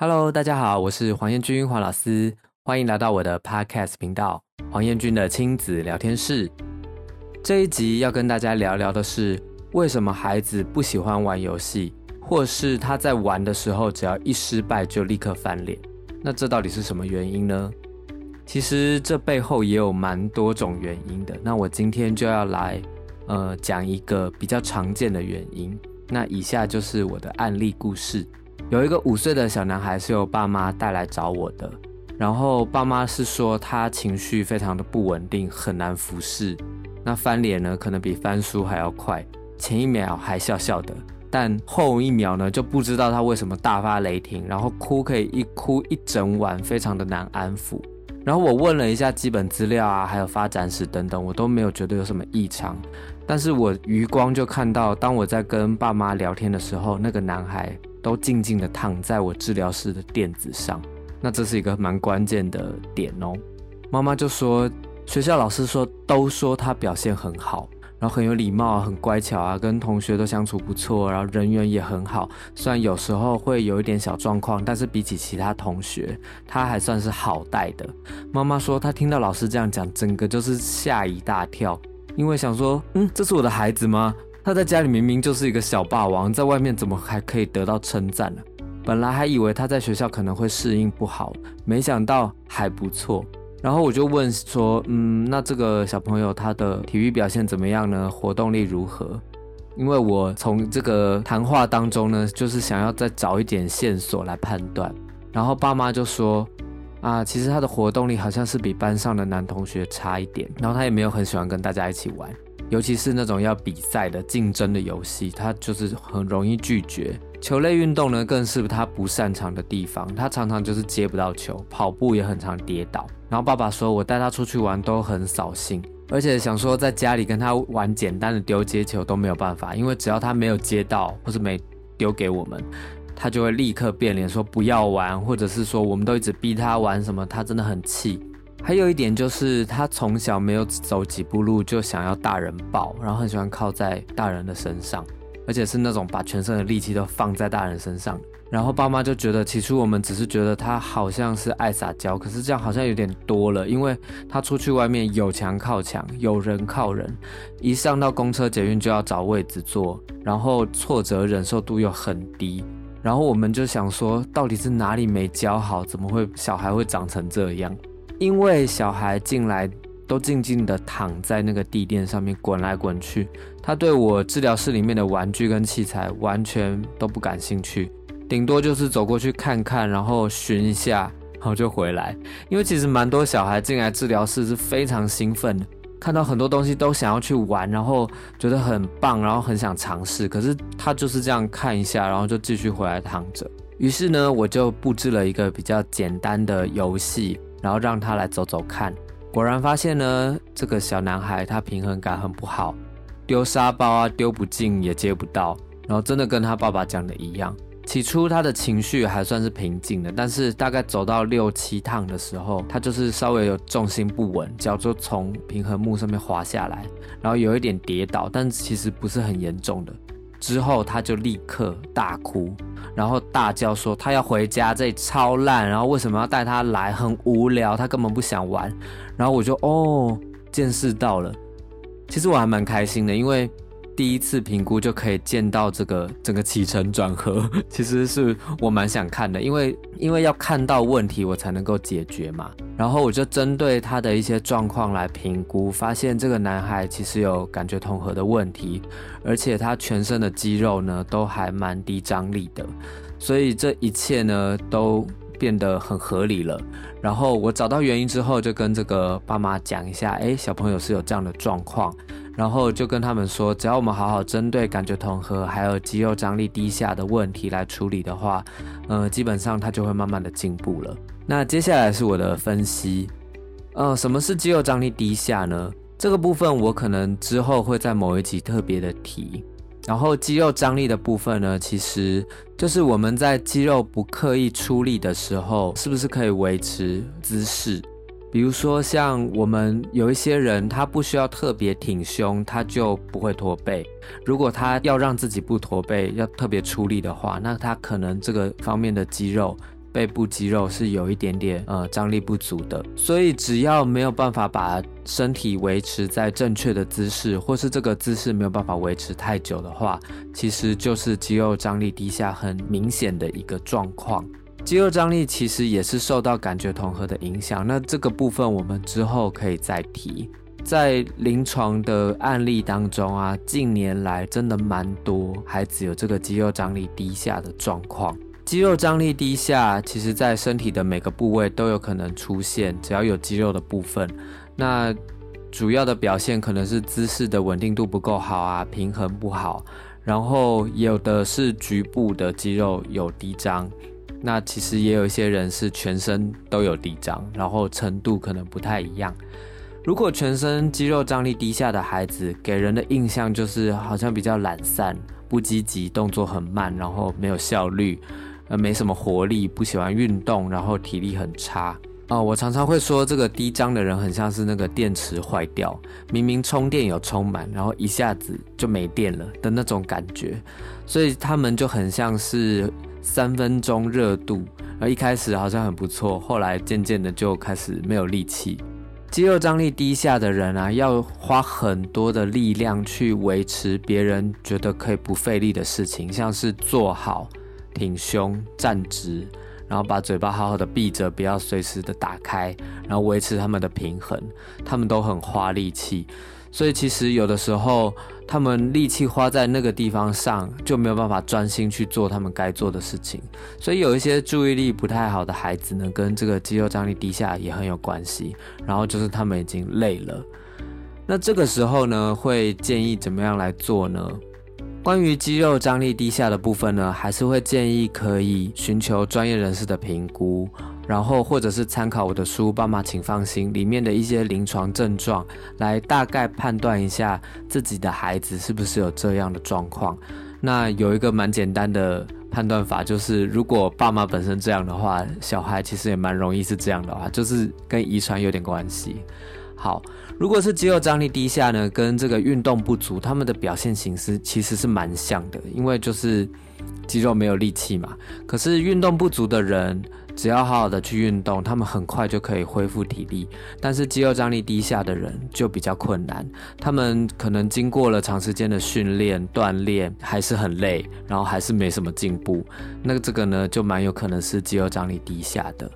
Hello，大家好，我是黃彥均，黃老師，歡迎來到我的 Podcast 頻道——黃彥均的親子聊天室。這一集要跟大家聊聊的是，為什麼孩子不喜歡玩遊戲，或是他在玩的時候，只要一失敗就立刻翻臉？那這到底是什麼原因呢？其實這背後也有蠻多種原因的。那我今天就要來，呃，講一個比較常見的原因。那以下就是我的案例故事。有一個五歲的小男孩是由爸媽帶來找我的，然後爸媽是說他情緒非常的不穩定，很難服侍，那翻臉呢可能比翻書還要快，前一秒還笑笑的，但後一秒呢就不知道他為什麼大發雷霆，然後哭可以一哭一整晚，非常的難安撫。然後我問了一下基本資料啊，還有發展史等等，我都沒有覺得有什麼異常，但是我餘光就看到，當我在跟爸媽聊天的時候，那個男孩。都靜靜地躺在我治療室的墊子上，那這是一個蠻關鍵的點哦。媽媽就說，學校老師說，都說他表現很好，然後很有禮貌，很乖巧啊，跟同學都相處不錯，然後人緣也很好。雖然有時候會有一點小狀況，但是比起其他同學，他還算是好帶的。媽媽說，她聽到老師這樣講，整個就是嚇一大跳，因為想說，嗯，這是我的孩子嗎？他在家裡明明就是一個小霸王，在外面怎麼還可以得到稱讚呢？本來還以為他在學校可能會適應不好，沒想到還不錯。然後我就問說：“嗯，那這個小朋友他的體育表現怎麼樣呢？活動力如何？”因為我從這個談話當中呢，就是想要再找一點線索來判斷。然後爸媽就說：“啊，其實他的活動力好像是比班上的男同學差一點，然後他也沒有很喜歡跟大家一起玩。”尤其是那種要比賽的、競爭的遊戲，他就是很容易拒絕。球類運動呢，更是他不擅長的地方，他常常就是接不到球，跑步也很常跌倒。然後爸爸說，我帶他出去玩都很掃興，而且想說在家裡跟他玩簡單的丟接球都沒有辦法，因為只要他沒有接到或是沒丟給我們，他就會立刻變臉說不要玩，或者是說我們都一直逼他玩什麼，他真的很氣。還有一點就是，他從小沒有走幾步路就想要大人抱，然後很喜歡靠在大人的身上，而且是那種把全身的力氣都放在大人身上。然後爸媽就覺得，起初我們只是覺得他好像是愛撒嬌，可是這樣好像有點多了，因為他出去外面有牆靠牆，有人靠人，一上到公車、捷運就要找位置坐，然後挫折忍受度又很低。然後我們就想說，到底是哪裡沒教好，怎麼會小孩會長成這樣？因為小孩進來都靜靜的躺在那個地墊上面滾來滾去，他對我治療室裡面的玩具跟器材完全都不感興趣，頂多就是走過去看看，然後尋一下，然後就回來。因為其實蠻多小孩進來治療室是非常興奮的，看到很多東西都想要去玩，然後覺得很棒，然後很想嘗試。可是他就是這樣看一下，然後就繼續回來躺着。於是呢，我就布置了一個比較簡單的遊戲。然後讓他來走走看，果然發現呢，這個小男孩他平衡感很不好，丟沙包啊丟不進也接不到。然後真的跟他爸爸講的一樣，起初他的情緒還算是平靜的，但是大概走到六七趟的時候，他就是稍微有重心不穩，腳就從平衡木上面滑下來，然後有一點跌倒，但其實不是很嚴重的。之後他就立刻大哭，然後大叫說他要回家，這裡超爛，然後為什麼要帶他來？很無聊，他根本不想玩。然後我就哦，見識到了，其實我還蠻開心的，因為。第一次評估就可以見到這個整個起承轉合，其實是我蠻想看的，因為，因為要看到問題，我才能夠解決嘛。然後我就針對他的一些狀況來評估，發現這個男孩其實有感覺統合的問題，而且他全身的肌肉呢都還蠻低張力的，所以這一切呢都變得很合理了。然後我找到原因之後，就跟這個爸媽講一下，誒，小朋友是有這樣的狀況。然後就跟他們說，只要我們好好針對感覺統合還有肌肉張力低下的問題來處理的話，嗯、呃，基本上他就會慢慢的進步了。那接下來是我的分析，嗯、呃，什麼是肌肉張力低下呢？這個部分我可能之後會在某一集特別的提。然後肌肉張力的部分呢，其實就是我們在肌肉不刻意出力的時候，是不是可以維持姿勢？比如說，像我們有一些人，他不需要特別挺胸，他就不會駝背。如果他要讓自己不駝背，要特別出力的話，那他可能這個方面的肌肉，背部肌肉是有一點點呃張力不足的。所以，只要沒有辦法把身體維持在正確的姿勢，或是這個姿勢沒有辦法維持太久的話，其實就是肌肉張力低下很明顯的一個狀況。肌肉張力其實也是受到感覺統合的影響，那這個部分我們之後可以再提。在臨床的案例當中啊，近年來真的蠻多孩子有這個肌肉張力低下的狀況。肌肉張力低下，其實在身體的每個部位都有可能出現，只要有肌肉的部分。那主要的表現可能是姿勢的穩定度不夠好啊，平衡不好，然後有的是局部的肌肉有低張。那其實也有一些人是全身都有低張，然後程度可能不太一樣。如果全身肌肉張力低下的孩子，給人的印象就是好像比較懶散、不積極、動作很慢，然後沒有效率，呃，沒什麼活力，不喜歡運動，然後體力很差。啊、哦，我常常會說，這個低張的人很像是那個電池壞掉，明明充電有充滿，然後一下子就沒電了的那種感覺。所以他們就很像是。三分鐘熱度，而一開始好像很不錯，後來漸漸的就開始沒有力氣。肌肉張力低下的人啊，要花很多的力量去維持別人覺得可以不費力的事情，像是坐好、挺胸、站直，然後把嘴巴好好的閉着，不要隨時的打開，然後維持他們的平衡，他們都很花力氣。所以其實有的時候，他們力氣花在那個地方上，就沒有辦法專心去做他們該做的事情。所以有一些注意力不太好的孩子呢，跟這個肌肉張力低下也很有關係。然後就是他們已經累了，那這個時候呢，會建議怎麼樣來做呢？關於肌肉張力低下的部分呢，還是會建議可以尋求專業人士的評估，然後或者是參考我的書，爸媽請放心，裡面的一些臨床症狀來大概判斷一下自己的孩子是不是有這樣的狀況。那有一個蠻簡單的判斷法，就是如果爸媽本身這樣的話，小孩其實也蠻容易是這樣的話，就是跟遺傳有點關係。好，如果是肌肉張力低下呢，跟這個運動不足，他們的表現形式其實是蠻像的，因為就是肌肉沒有力氣嘛。可是運動不足的人。只要好好的去運動，他們很快就可以恢復體力。但是肌肉張力低下的人就比較困難，他們可能經過了長時間的訓練鍛鍊還是很累，然後還是沒什麼進步。那個這個呢，就蠻有可能是肌肉張力低下的。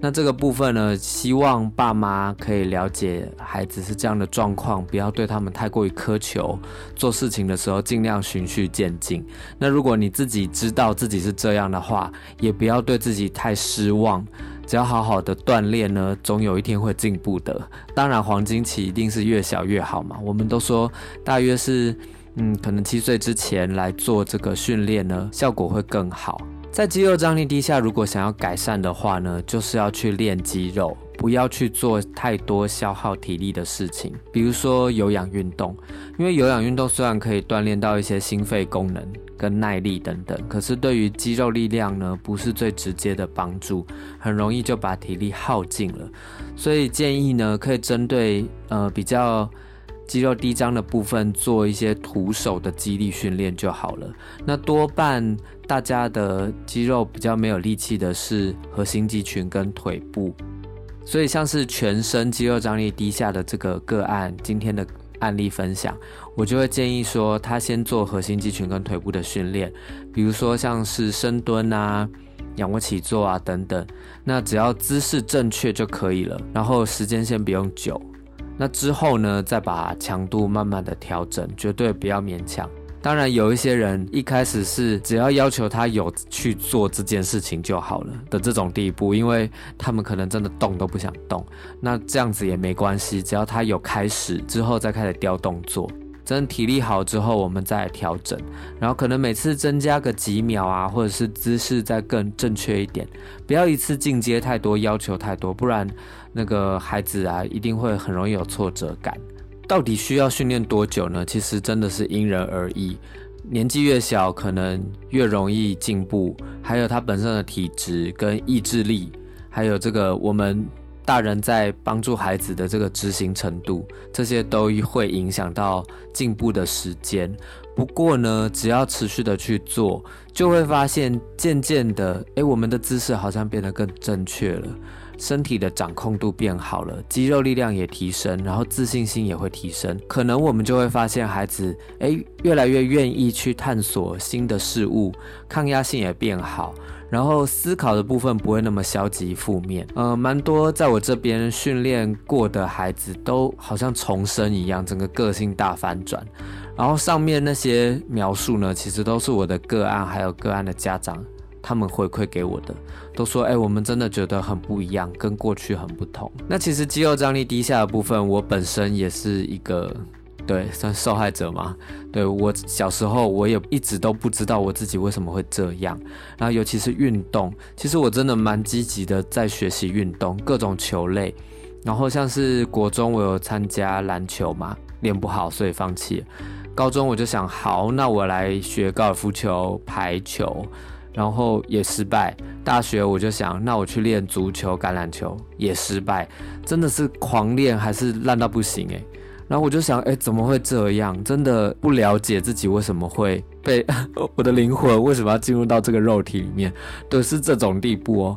那這個部分呢，希望爸媽可以了解孩子是這樣的狀況，不要對他們太過於苛求。做事情的時候儘量循序漸進。那如果你自己知道自己是這樣的話，也不要對自己太失。失望，只要好好的鍛煉呢，總有一天會進步的。當然，黃金期一定是越小越好嘛。我們都說，大約是，嗯，可能七歲之前來做這個訓練呢，效果會更好。在肌肉張力低下，如果想要改善的話呢，就是要去練肌肉，不要去做太多消耗體力的事情，比如說有氧運動。因為有氧運動雖然可以鍛鍊到一些心肺功能跟耐力等等，可是對於肌肉力量呢，不是最直接的幫助，很容易就把體力耗盡了。所以建議呢，可以針對呃比較肌肉低張的部分做一些徒手的肌力訓練就好了。那多半大家的肌肉比較沒有力氣的是核心肌群跟腿部，所以像是全身肌肉張力低下的這個個案，今天的。案例分享，我就會建議說，他先做核心肌群跟腿部的訓練，比如說像是深蹲啊、仰臥起坐啊等等。那只要姿勢正確就可以了，然後時間先不用久。那之後呢，再把強度慢慢的調整，絕對不要勉強。當然，有一些人一開始是只要要求他有去做這件事情就好了的這種地步，因為他們可能真的動都不想動。那這樣子也沒關係，只要他有開始之後再開始調動作，真的體力好之後我們再來調整。然後可能每次增加個幾秒啊，或者是姿勢再更正確一點，不要一次進階太多，要求太多，不然那個孩子啊一定會很容易有挫折感。到底需要訓練多久呢？其實真的是因人而異。年紀越小，可能越容易進步。還有他本身的體質跟意志力，還有這個我們大人在幫助孩子的這個執行程度，這些都會影響到進步的時間。不過呢，只要持續的去做，就會發現漸漸的，欸，我們的姿勢好像變得更正確了，身體的掌控度變好了，肌肉力量也提升，然後自信心也會提升。可能我們就會發現，孩子欸，越來越願意去探索新的事物，抗壓性也變好，然後思考的部分不會那麼消極負面。呃，蠻多在我這邊訓練過的孩子，都好像重生一樣，整個個性大反轉。然後上面那些描述呢，其實都是我的個案，還有個案的家長，他們回饋給我的，都說，哎、欸，我們真的覺得很不一樣，跟過去很不同。那其實肌肉張力低下的部分，我本身也是一個，對，算受害者嘛。對我小時候，我也一直都不知道我自己為什麼會這樣。然後尤其是運動，其實我真的蠻積極的在學習運動，各種球類。然後像是國中我有參加籃球嘛，練不好所以放棄。高中我就想，好，那我來學高爾夫球、排球，然後也失敗。大學我就想，那我去練足球、橄欖球，也失敗。真的是狂練還是爛到不行誒？然後我就想，誒，怎麼會這樣？真的不了解自己為什麼會被我的靈魂為什麼要進入到這個肉體裡面，都是這種地步哦。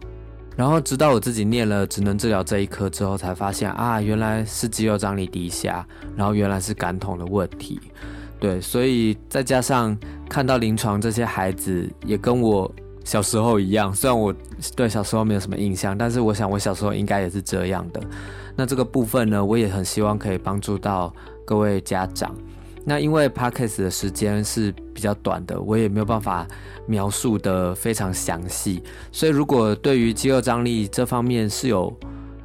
然後直到我自己念了職能治療這一科之後，才發現啊，原來是肌肉張力低下，然後原來是感統的問題。對，所以再加上看到臨床這些孩子也跟我小時候一樣，雖然我對小時候沒有什麼印象，但是我想我小時候應該也是這樣的。那這個部分呢，我也很希望可以幫助到各位家長。那因為 podcast 的時間是比較短的，我也沒有辦法描述得非常詳細，所以如果對於肌肉張力這方面是有。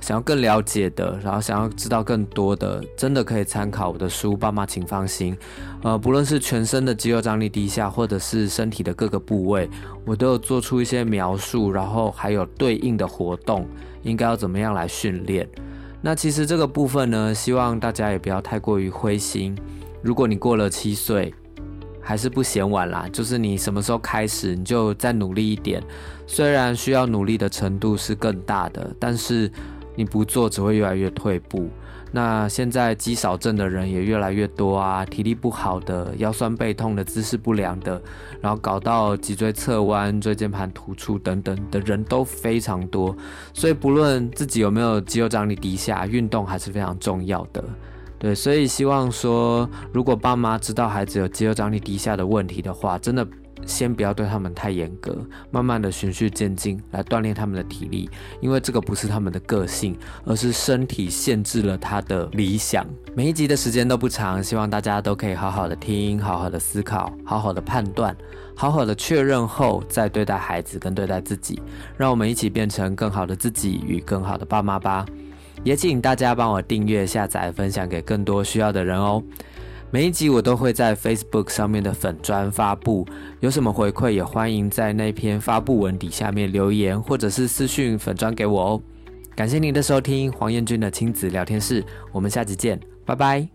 想要更了解的，然後想要知道更多的，真的可以參考我的書，爸媽請放心。呃，不論是全身的肌肉張力低下，或者是身體的各個部位，我都有做出一些描述，然後還有對應的活動，應該要怎麼樣來訓練。那其實這個部分呢，希望大家也不要太過於灰心。如果你過了七歲，還是不嫌晚啦，就是你什麼時候開始，你就再努力一點。雖然需要努力的程度是更大的，但是。你不做只會越來越退步。那現在肌少症的人也越來越多啊，體力不好的、腰痠背痛的、姿勢不良的，然後搞到脊椎側彎、椎間盤突出等等的人都非常多。所以不論自己有沒有肌肉張力低下，運動還是非常重要的。對，所以希望說，如果爸媽知道孩子有肌肉張力低下的問題的話，真的。先不要對他們太嚴格，慢慢的循序漸進來鍛鍊他們的體力，因為這個不是他們的個性，而是身體限制了他的理想。每一集的時間都不長，希望大家都可以好好的聽，好好的思考，好好的判斷，好好的確認後再對待孩子跟對待自己，讓我們一起變成更好的自己與更好的爸媽吧。也請大家幫我訂閱、下載、分享給更多需要的人哦。每一集我都會在 Facebook 上面的粉專發布，有什麼回饋也歡迎在那篇發布文底下面留言，或者是私訊粉專給我哦。感謝您的收聽，黃彥君的親子聊天室，我們下集見，拜拜。